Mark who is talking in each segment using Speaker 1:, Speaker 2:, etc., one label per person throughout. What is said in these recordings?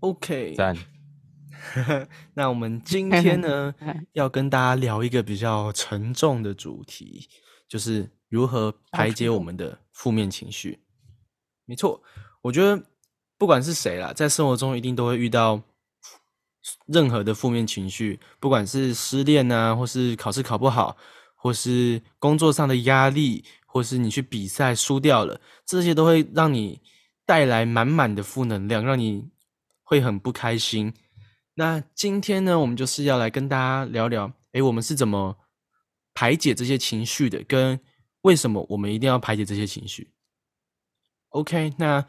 Speaker 1: OK，讚讚。 那我們今天呢， 要跟大家聊一個比較沉重的主題，就是如何排解我們的負面情緒。Okay. 沒錯，我覺得不管是誰啦，在生活中一定都會遇到任何的負面情緒，不管是失戀啊，或是考試考不好，或是工作上的壓力，或是你去比賽輸掉了，這些都會讓你帶來滿滿的負能量，讓你。會很不開心。那今天呢，我們就是要來跟大家聊聊，哎，我們是怎麼排解這些情緒的，跟為什麼我們一定要排解這些情緒。OK，那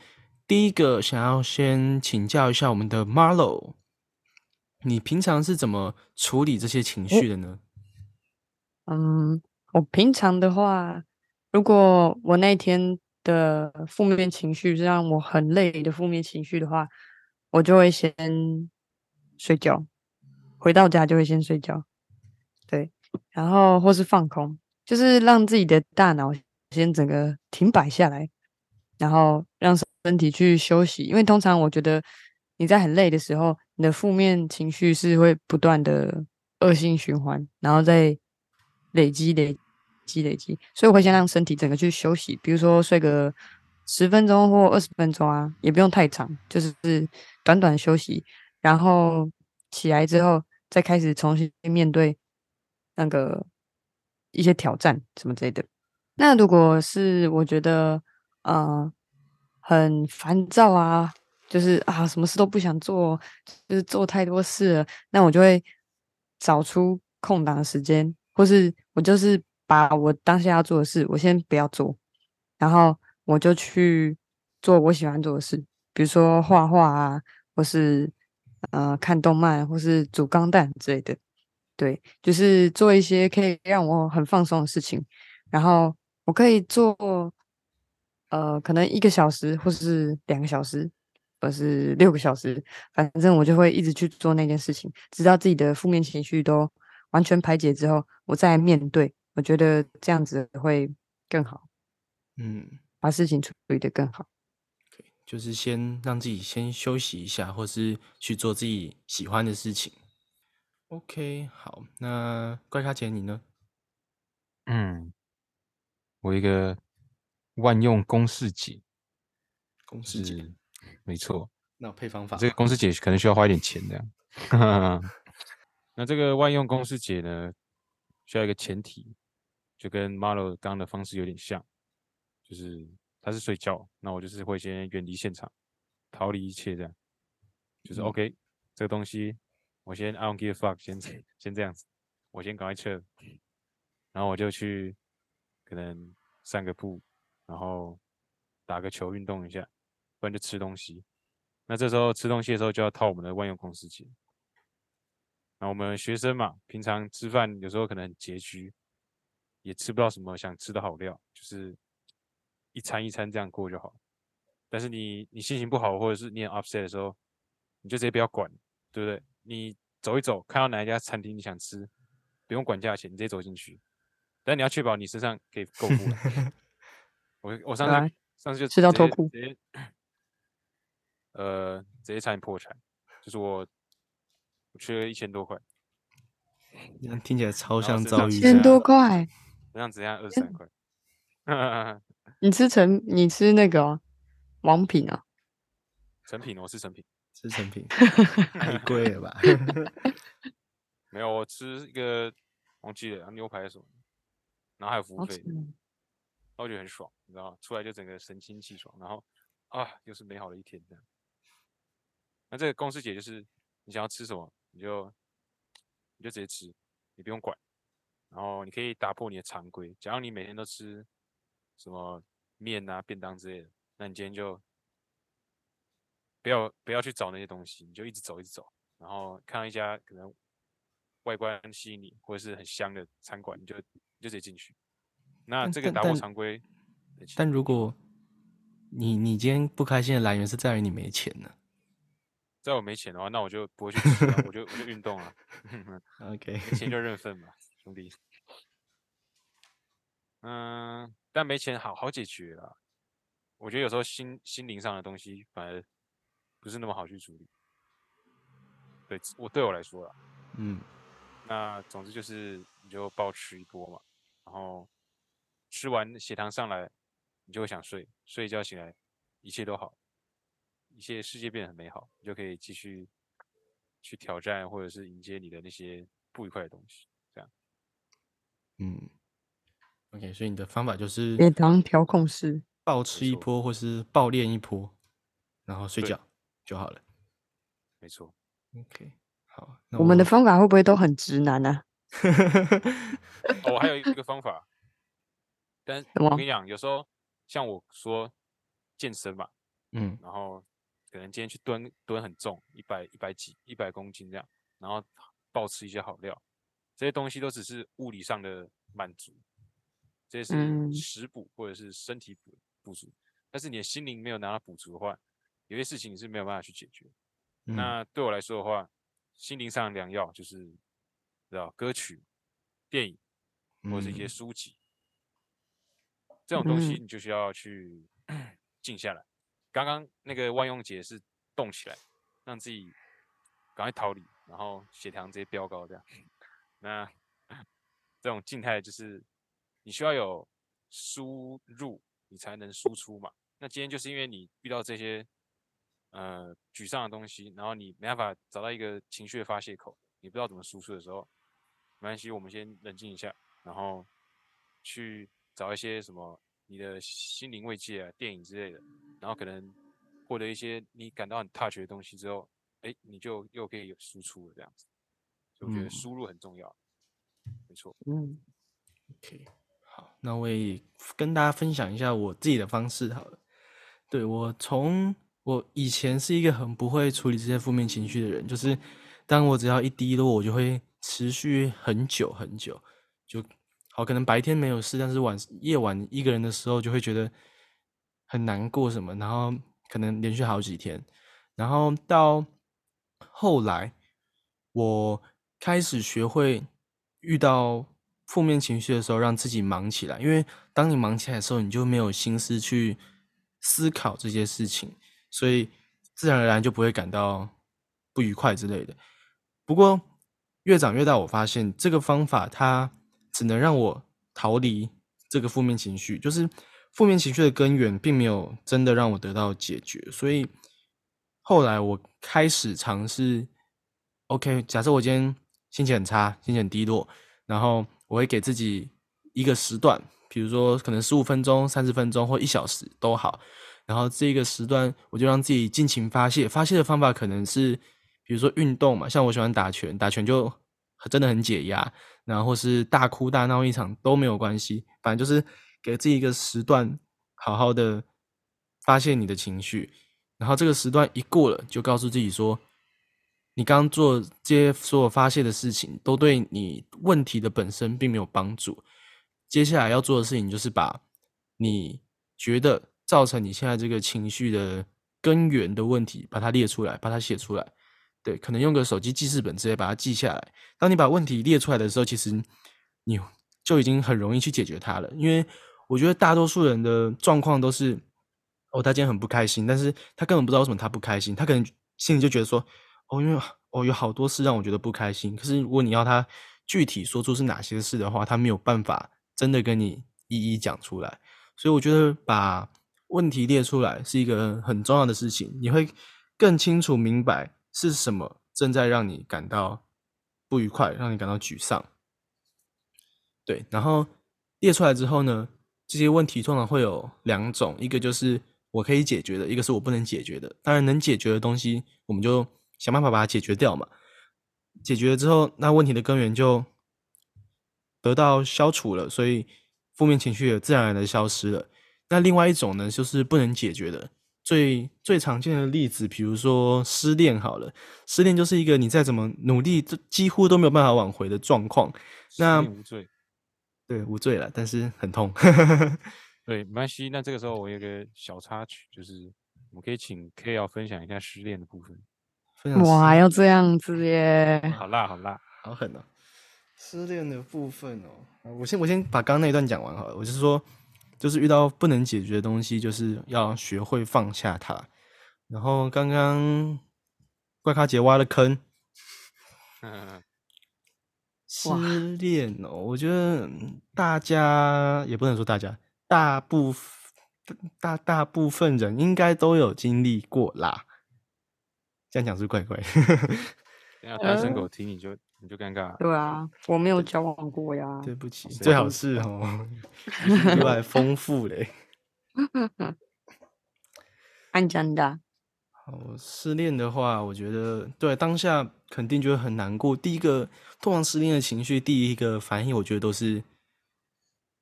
Speaker 1: 第一個想要先請教一下我們的 Marlo，你平常是怎麼處理這些情緒的呢？嗯，
Speaker 2: 我平常的話，如果我那一天的負面情緒是讓我很累的負面情緒的話。我就會先睡覺，回到家就會先睡覺，對，然後或是放空，就是讓自己的大腦先整個停擺下來，然後讓身體去休息。因為通常我覺得你在很累的時候，你的負面情緒是會不斷的惡性循環，然後再累積、累積、累積。所以我會先讓身體整個去休息，比如說睡個十分鐘或二十分鐘啊，也不用太長，就是。短短休息，然後起來之後再開始重新面對那個一些挑戰什麼之類的。那如果是我覺得嗯，呃，很煩躁啊，就是啊什麼事都不想做，就是做太多事了，那我就會找出空檔的時間，或是我就是把我當下要做的事我先不要做，然後我就去做我喜歡做的事。比如說畫畫啊，或是呃看動漫，或是煮鋼彈之類的，對，就是做一些可以讓我很放鬆的事情。然後我可以做呃，可能一個小時，或是兩個小時，或是六個小時，反正我就會一直去做那件事情，直到自己的負面情緒都完全排解之後，我再面對。我覺得這樣子會更好，嗯，把事情處理得更好。
Speaker 1: 就是先讓自己先休息一下，或是去做自己喜歡的事情。
Speaker 2: OK，好，那
Speaker 1: 怪咖姐你呢？嗯，我一個
Speaker 3: 萬用公式姐，公式姐，沒錯。
Speaker 1: 那我配方法，
Speaker 3: 這個公式姐可能需要花一點錢的啊。 那這個萬用公式姐呢，需要一個前提，就跟 Maro 剛剛的方式有點像，就是。他是睡覺，那我就是會先遠離現場，逃離一切這樣，就是 OK、嗯、這個東西我先 I don't give a fuck，先先這樣子，我先趕快撤，然後我就去可能散個步，然後打個球運動一下，不然就吃東西。那這時候吃東西的時候就要套我們的萬用空食機。那我們學生嘛，平常吃飯有時候可能很拮據，也吃不到什麼想吃的好料，就是。一餐一餐這樣過就好，但是你你心情不好，或者是你很 upset 的時候，你就直接不要管，對不對？你走一走，看到哪一家餐廳你想吃，不用管價錢，你直接走進去。但你要確保你身上可以購物。 我我上次、啊、上次就吃到脫褲直接，呃，直接差點破產，就是我我缺了一千多塊。
Speaker 1: 這樣聽起來超像遭遇。一千多塊，身上只要二十三塊。
Speaker 2: 你吃成你吃那個王品啊？
Speaker 3: 成品，我是成品，吃
Speaker 1: 成品，成品 太貴了吧？
Speaker 3: 沒有，我吃一個忘記了牛排什麼，然後還有服務費，然後就很爽，你知道嗎？出來就整個神清氣爽，然後啊，又是美好的一天這樣。那這個公司姐就是你想要吃什麼，你就你就直接吃，你不用管，然後你可以打破你的常規，假如你每天都吃，什麼麵啊、便當之類的，那你今天就不要不要去找那些東西，你就一直走，一直走，然後看到一家可能外觀吸引你，或者是很香的餐館，你就你就直接進去。那這個打破常規。
Speaker 1: 但，但，但如果你你今天不開心的來源是在於你沒錢呢、啊？
Speaker 3: 在我沒錢的話，那我就不會去吃了，吃 我，我就運動啊。 OK，沒錢就認分吧，兄弟。嗯，但沒錢好好解決啦。我覺得有時候心心靈上的東西反而不是那麼好去處理。對我對我來說啦，嗯，那總之就是你就暴吃一波嘛，然後吃完血糖上來，你就會想睡，睡一覺醒來，一切都好，一切世界變得很美好，你就可以繼續去挑戰或者是迎接你的那些不愉快的東西，這樣，嗯。
Speaker 1: OK，所以你的方法就是血糖
Speaker 2: 調控是
Speaker 1: 暴吃一波，或是暴練一波，錯然後睡覺就好了，沒錯。OK，好，那我，們我們的
Speaker 2: 方法會不會都很直男呢？啊？
Speaker 3: 呵、 哦。我還有一個方法，但我跟你講，有時候像我說健身嘛，嗯，然後可能今天去蹲蹲很重，一百一百幾一百公斤這樣，然後暴吃一些好料，這些東西都只是物理上的滿足。這是食補或者是身體補補足，嗯、但是你的心靈沒有拿到補足的話，有些事情你是沒有辦法去解決。嗯、那對我來說的話，心靈上的良藥就是知道歌曲、電影或者是一些書籍、嗯、這種東西，你就需要去靜、嗯、下來。剛剛那個萬用節是動起來，讓自己趕快逃離，然後血糖直接飆高這樣。那這種靜態就是。你需要有輸入，你才能輸出嘛。那今天就是因為你遇到這些呃沮喪的東西，然後你沒辦法找到一個情緒的發泄口，你不知道怎麼輸出的時候，沒關係，我們先冷靜一下，然後去找一些什麼你的心靈慰藉啊，電影之類的，然後可能獲得一些你感到很 touch 的東西之後，哎、欸，你就又可以有輸出了這樣子。所以我覺得輸入很重要，沒錯。嗯。錯 OK。
Speaker 1: 好，那我也跟大家分享一下我自己的方式好了。對，我從我以前是一個很不會處理這些負面情緒的人，就是當我只要一低落，我就會持續很久很久，就好，可能白天沒有事，但是晚夜晚一個人的時候，就會覺得很難過什麼，然後可能連續好幾天，然後到後來我開始學會遇到。負面情緒的時候，讓自己忙起來，因為當你忙起來的時候，你就沒有心思去思考這些事情，所以自然而然就不會感到不愉快之類的。不過越長越大，我發現這個方法它只能讓我逃離這個負面情緒，就是負面情緒的根源並沒有真的讓我得到解決。所以後來我開始嘗試，OK，假設我今天心情很差，心情很低落，然後。我會給自己一個時段，比如說可能十五分鐘、三十分鐘或一小時都好。然後這個時段，我就讓自己盡情發洩。發洩的方法可能是，比如說運動嘛，像我喜歡打拳，打拳就真的很解壓。然後或是大哭大鬧一場都沒有關係，反正就是給自己一個時段，好好的發洩你的情緒。然後這個時段一過了，就告訴自己說，你剛做這些所有發洩的事情都對你問題的本身並沒有幫助。接下來要做的事情就是把你覺得造成你現在這個情緒的根源的問題，把它列出來，把它寫出來。對，可能用個手機記事本之類，把它記下來。當你把問題列出來的時候，其實你就已經很容易去解決它了。因為我覺得大多數人的狀況都是，哦，他今天很不開心，但是他根本不知道為什麼他不開心。他可能心裡就覺得說，哦，因為哦，有好多事讓我覺得不開心。可是如果你要他具體說出是哪些事的話，他沒有辦法真的跟你一一講出來。所以我覺得把問題列出來是一個很重要的事情，你會更清楚明白是什麼正在讓你感到不愉快，讓你感到沮喪。對，然後列出來之後呢，這些問題通常會有兩種，一個就是我可以解決的，一個是我不能解決的。當然能解決的東西，我們就想辦法把它解決掉嘛。解決了之後，那問題的根源就得到消除了，所以負面情緒也自然而然的消失了。那另外一種呢，就是不能解決的，最最常見的例子，比如說失戀好了，失戀就是一個你再怎麼努力，這幾乎都沒有辦法挽回的狀況。那無罪，對，無罪了，但是很痛。
Speaker 3: 對，沒關係。那這個時候我有個小插曲，就是我可以請 K L 分享一下失戀的部分。
Speaker 2: 哇，要這樣子耶！
Speaker 1: 好辣，好辣，好辣，好狠哦！失戀的部分哦，我先我先把剛剛那一段講完好了。我就是說，就是遇到不能解決的東西，就是要學會放下它。然後剛剛怪咖姐挖了坑，嗯， 失戀哦，我覺得大家也不能說大家大部分大大部分人應該都有經歷過啦。這樣講是乖乖怪怪
Speaker 3: 的，單 身狗聽你就、呃、你就尷尬。
Speaker 2: 對啊，我沒有交往過呀。對不起，以最好是哦，意
Speaker 1: 外豐富嘞。
Speaker 2: 按 真的。
Speaker 1: 好，失戀的話，我覺得對當下肯定就會很難過。第一個，通常失戀的情緒，第一個反應，我覺得都是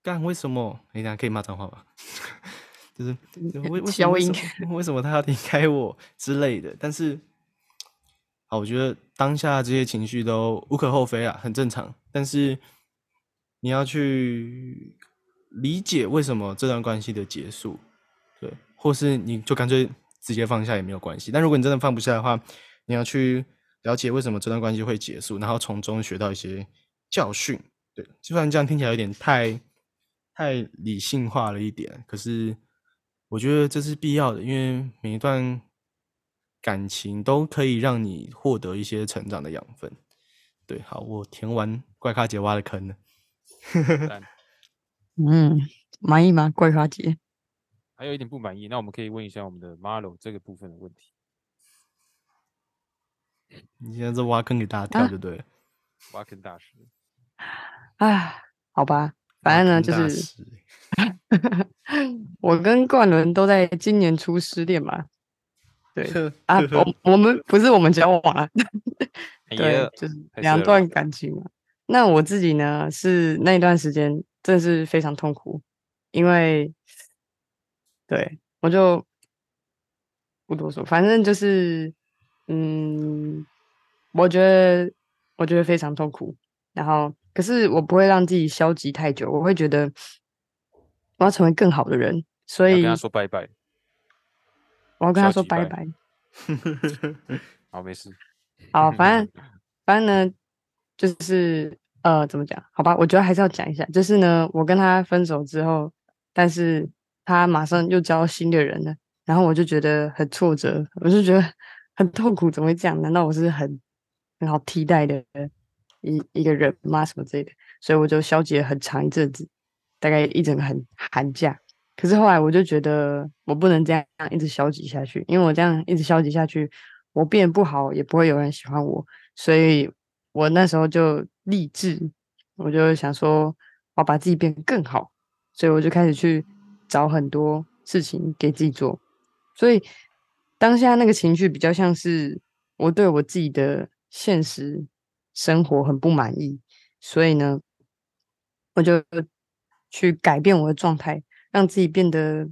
Speaker 1: 幹為什麼？你、欸、倆可以罵髒話吧？ 就是為什麼， 為什麼為什麼他要離開我之類的？但是。好，我覺得當下這些情緒都無可厚非啊，很正常。但是你要去理解為什麼這段關係的結束，對，或是你就乾脆直接放下也沒有關係。但如果你真的放不下的話，你要去了解為什麼這段關係會結束，然後從中學到一些教訓。對，就算這樣聽起來有點太太理性化了一點，可是我覺得這是必要的，因為每一段。感情都可以讓你獲得一些成長的養分，對。好，我填完怪咖姐挖的坑
Speaker 2: 嗯，滿意嗎？怪咖姐。
Speaker 3: 還有一點不滿意，那我們可以問一下我們的 Marlo 這個部分的問題。
Speaker 1: 你現在在挖坑給大家跳就對了，對不對？挖坑大師。
Speaker 2: 哎，好吧，反正呢就是 我跟冠倫都在今年初失戀嘛。對啊， 我我們不是我們交往了，啊， 對，就是兩段感情嘛。那我自己呢，是那一段時間真的是非常痛苦，因為對我就不多說，反正就是，嗯，我覺得我覺得非常痛苦。然後可是我不會讓自己消極太久，我會覺得我要成為更好的人，所以要跟他說拜拜。我要跟他說拜拜，拜。
Speaker 3: 好，沒事。
Speaker 2: 好，反正反正呢，就是呃，怎麼講？好吧，我覺得還是要講一下。就是呢，我跟他分手之後，但是他馬上又交新的人了，然後我就覺得很挫折，我就覺得很痛苦，怎麼會這樣？難道我是很很好替代的一一個人嗎？什麼之類的，所以我就消極了很長一陣子，大概一整個很寒假。可是後來我就覺得我不能這樣一直消極下去，因為我這樣一直消極下去，我變不好也不會有人喜歡我，所以我那時候就立志，我就想說我要把自己變得更好，所以我就開始去找很多事情給自己做，所以當下那個情緒比較像是我對我自己的現實生活很不滿意，所以呢，我就去改變我的狀態。讓自己變得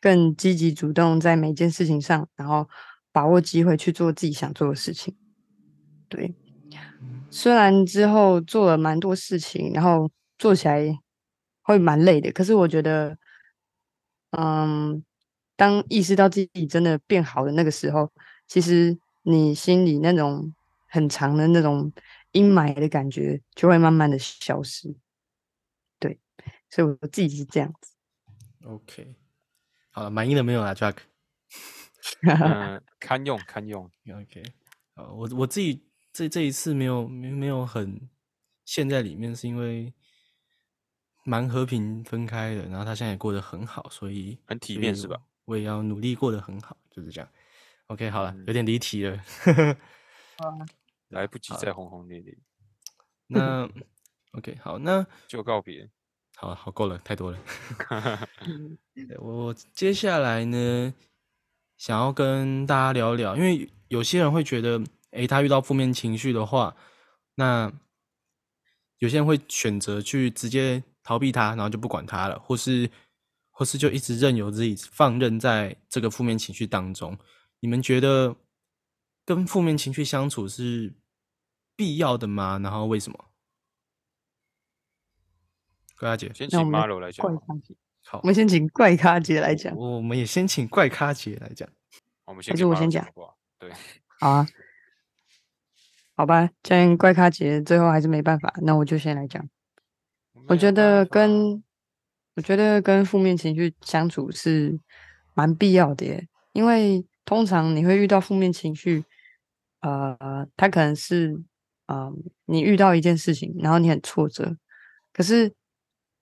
Speaker 2: 更積極主動，在每一件事情上，然後把握機會去做自己想做的事情。對，雖然之後做了蠻多事情，然後做起來會蠻累的，可是我覺得，嗯，當意識到自己真的變好的那個時候，其實你心裡那種很長的那種陰霾的感覺就會慢慢的消失。對，所以我自己是這樣子。
Speaker 1: OK，好了，滿意了沒有啦，Jack。哈、 呃，堪用，堪用。OK，好，我我自己這這一次沒有沒沒有很陷在裡面，是因為蠻和平分開的，然後他現在也過得很好，所以很體面是吧？我也要努力過得很好，就是這樣。OK，好了，有點離題了， 來不及再轟轟烈烈。那 OK，好，那
Speaker 3: 就告別。
Speaker 1: 好好夠了，太多了。我 我接下來呢，想要跟大家聊聊，因為有些人會覺得，誒、欸，他遇到負面情緒的話，那有些人會選擇去直接逃避他，然後就不管他了，或是或是就一直任由自己放任在這個負面情緒當中。你們覺得跟負面情緒相處是必要的嗎？然後為什麼？怪，先怪咖姐，請八樓來講怪咖姐，好，我
Speaker 2: 們先請怪咖姐來講
Speaker 1: 我我。我們也先請怪咖姐來講。我們先，還是我先講。對，
Speaker 2: 好啊， 好吧，既然怪咖姐最後還是沒辦法，那我就先來講。嗯、我覺得跟、嗯、我覺得跟負面情緒相處是蠻必要的耶，因為通常你會遇到負面情緒，呃，他可能是嗯、呃，你遇到一件事情，然後你很挫折，可是。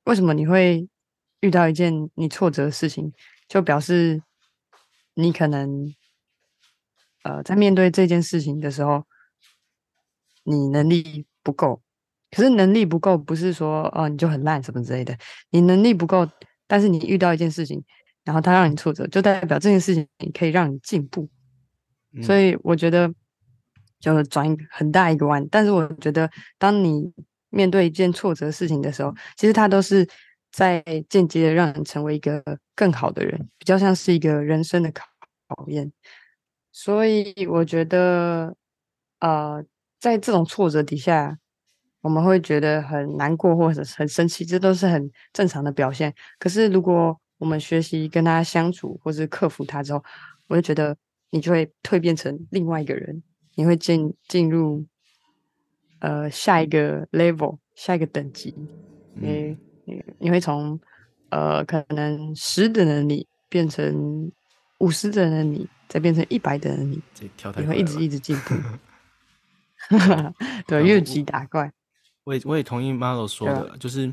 Speaker 2: 為什麼你會遇到一件你挫折的事情，就表示你可能呃在面對這件事情的時候，你能力不夠。可是能力不夠不是說哦你就很爛什麼之類的，你能力不夠，但是你遇到一件事情，然後它讓你挫折，就代表這件事情可以讓你進步。嗯。所以我覺得就是轉一個很大一個彎，但是我覺得當你。面對一件挫折事情的時候，其實他都是在間接的讓你成為一個更好的人，比較像是一個人生的考驗。所以我覺得，呃，在這種挫折底下，我們會覺得很難過或者很生氣，這都是很正常的表現。可是如果我們學習跟他相處，或是克服他之後，我就覺得你就會蛻變成另外一個人，你會進進入。呃，下一個 level，下一個等級，你你、嗯、你會從呃可能十的能力變成五十的能力，再變成等你、嗯、一
Speaker 1: 百的能力，你會一直一直
Speaker 2: 進步。 對，越級
Speaker 1: 後打怪。我，我也我也同意 Marlo 說的，啊、就是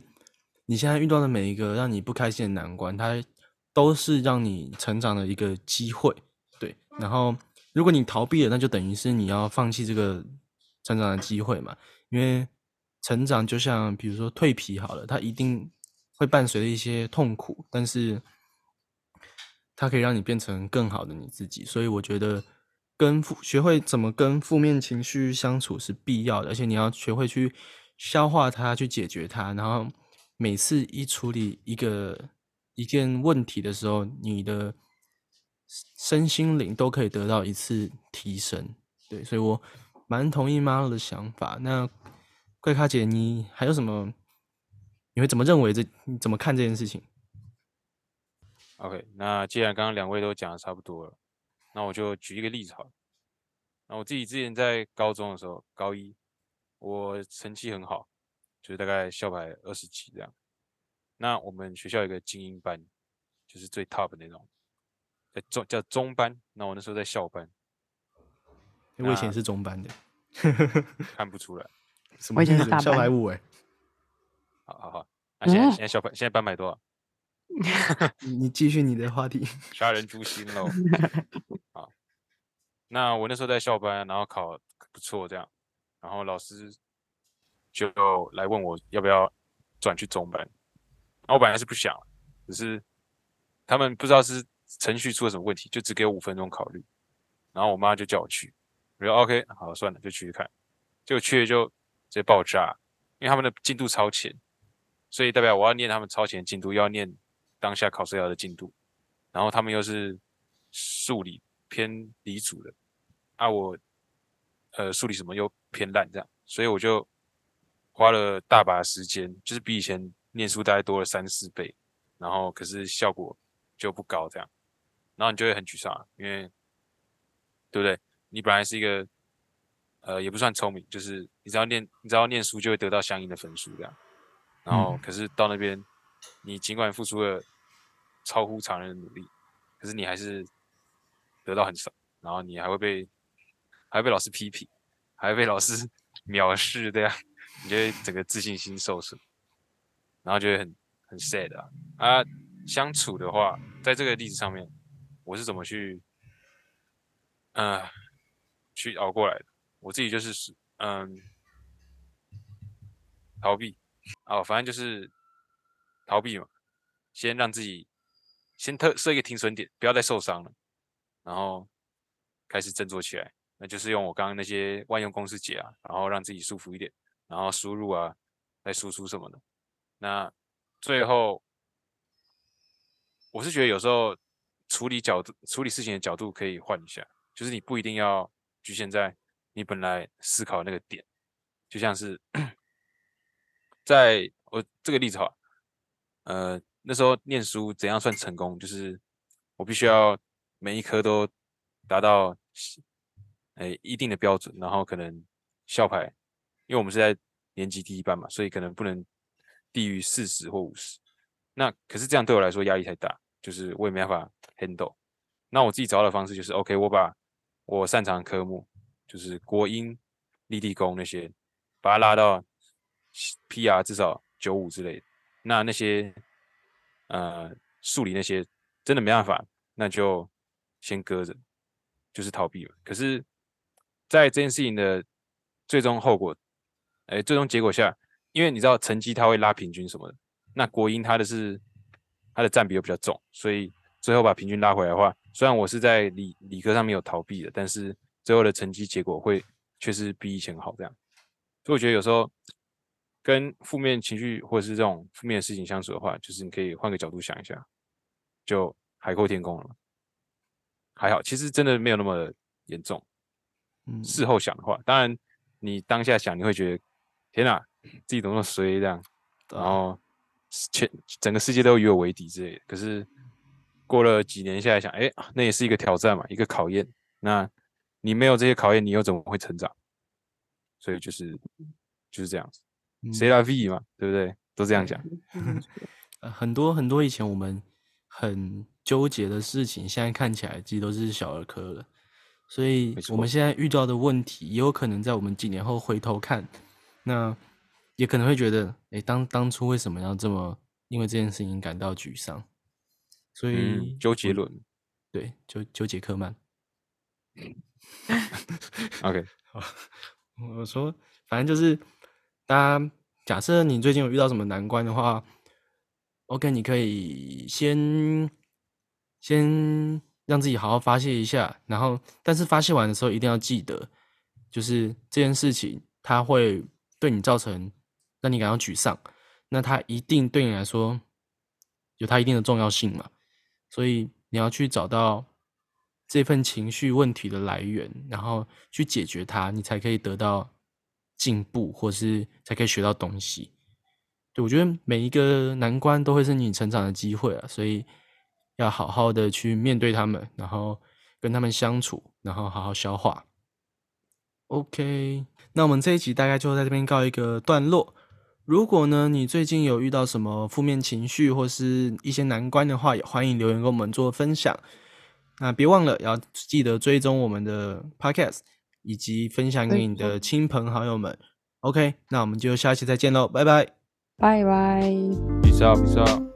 Speaker 1: 你現在遇到的每一個讓你不開心的難關，它都是讓你成長的一個機會。對，然後如果你逃避了，那就等於是你要放棄這個。成長的機會嘛，因為成長就像比如說蛻皮好了，它一定會伴隨着一些痛苦，但是它可以讓你變成更好的你自己。所以我覺得跟負，學會怎麼跟負面情緒相處是必要的，而且你要學會去消化它、去解決它。然後每次一處理一個，一件問題的時候，你的身心靈都可以得到一次提升。對，所以我。蠻同意媽媽的想法。那怪咖姐，你還有什麼？你會怎麼認為這？你怎麼看這件事情
Speaker 3: ？OK，那既然剛剛兩位都講的差不多了，那我就舉一個例子好了。那我自己之前在高中的時候，高一，我成績很好，就是大概校排二十幾這樣。那我們學校有一個精英班，就是最 top 的那種，在中叫中班。那我那時候在校班。
Speaker 1: 我那以前是中班的。 看不出來。
Speaker 3: 我以前是小班五
Speaker 1: 誒。
Speaker 3: 好好好，那現在、嗯、現在校班現在班買多少？
Speaker 1: 你繼續你的話題，
Speaker 3: 殺 人誅心嘍。 好，那我那時候在校班，然後考不錯，這樣，然後老師就來問我要不要轉去中班。那我本來是不想，只是他們不知道是程序出了什麼問題，就只給我五分鐘考慮。然後我媽就叫我去。就 OK，好算了，就去看，結果去了就直接爆炸，因為他們的進度超前，所以代表我要念他們超前的進度，又要念當下考試要的進度，然後他們又是數理偏離組的，啊我呃數理什麼又偏爛這樣，所以我就花了大把時間，就是比以前念書大概多了三四倍，然後可是效果就不高這樣，然後你就會很沮喪，因為對不對？你本來是一個，呃，也不算聰明，就是你只要念，你只要念書就會得到相應的分數這樣。然後，可是到那邊，你儘管付出了超乎常人的努力，可是你還是得到很少，然後你還會被，還會被老師批評，還會被老師藐視，對啊，你覺得整個自信心受損，然後就會很很 sad 啊。啊，相處的話，在這個例子上面，我是怎麼去，嗯、呃。去熬過來我自己就是是嗯，逃避啊，哦，反正就是逃避嘛，先讓自己先特設一個停損點，不要再受傷了，然後開始振作起來，那就是用我剛剛那些萬用公式解啊，然後讓自己舒服一點，然後輸入啊，再輸出什麼的，那最後我是覺得有時候處理角度、處理事情的角度可以換一下，就是你不一定要。局限在你本來思考的那個點，就像是在我這個例子哈，呃，那時候念書怎樣算成功，就是我必須要每一科都達到哎、欸、一定的標準，然後可能校牌，因為我們是在年級第一班嘛，所以可能不能低於四十或五十。那可是這樣對我來說壓力太大，就是我也沒辦法 handle。那我自己找到的方式就是 OK，我把。我擅長科目就是國英、立地公那些，把它拉到 PR 至少九五之類的。那那些呃數理那些真的沒辦法，那就先擱着，就是逃避了。可是，在這件事情的最終後果，哎、欸，最終結果下，因為你知道成績它會拉平均什麼的，那國英它的是它的占比又比較重，所以。最後把平均拉回來的話，雖然我是在理理科上面有逃避的，但是最後的成績結果會確實比以前好這樣。所以我覺得有時候跟負面情緒或者是這種負面的事情相處的話，就是你可以換個角度想一下，就海闊天空了。還好，其實真的沒有那麼嚴重。嗯、事後想的話，當然你當下想你會覺得天哪、啊，自己怎麼那麼衰這樣，然後全對整個世界都與我為敵之類的。可是。過了幾年下來，想，哎、欸，那也是一個挑戰嘛，一個考驗。那你沒有這些考驗，你又怎麼會成長？所以就是就是這樣子，誰來背嘛，對不對？都這樣講。
Speaker 1: 嗯嗯、以很多很多以前我們很糾結的事情，現在看起來其實都是小兒科了。所以我們現在遇到的問題，也有可能在我們幾年後回頭看，那也可能會覺得，哎、欸，當當初為什麼要這麼因為這件事情感到沮喪？所以，周杰倫，對，糾糾結克曼。 OK，好，我說，反正就是，大家假設你最近有遇到什麼難關的話，OK，你可以先先讓自己好好發洩一下，然後，但是發洩完的時候一定要記得，就是這件事情它會對你造成讓你感到沮喪，那它一定對你來說有它一定的重要性嘛。所以你要去找到這份情緒問題的來源，然後去解決它，你才可以得到進步，或是才可以學到東西。對，我覺得每一個難關都會是你成長的機會啊，所以要好好的去面對他們，然後跟他們相處，然後好好消化。OK，那我們這一集大概就在這邊告一個段落。如果呢，你最近有遇到什麼負面情緒或是一些難關的話，也歡迎留言跟我們做分享。那別忘了要記得追蹤我們的 podcast，以及分享給你的親朋好友們。嗯、OK，那我們就下期再見嘍，拜拜，
Speaker 2: 拜拜
Speaker 1: Peace out，Peace out。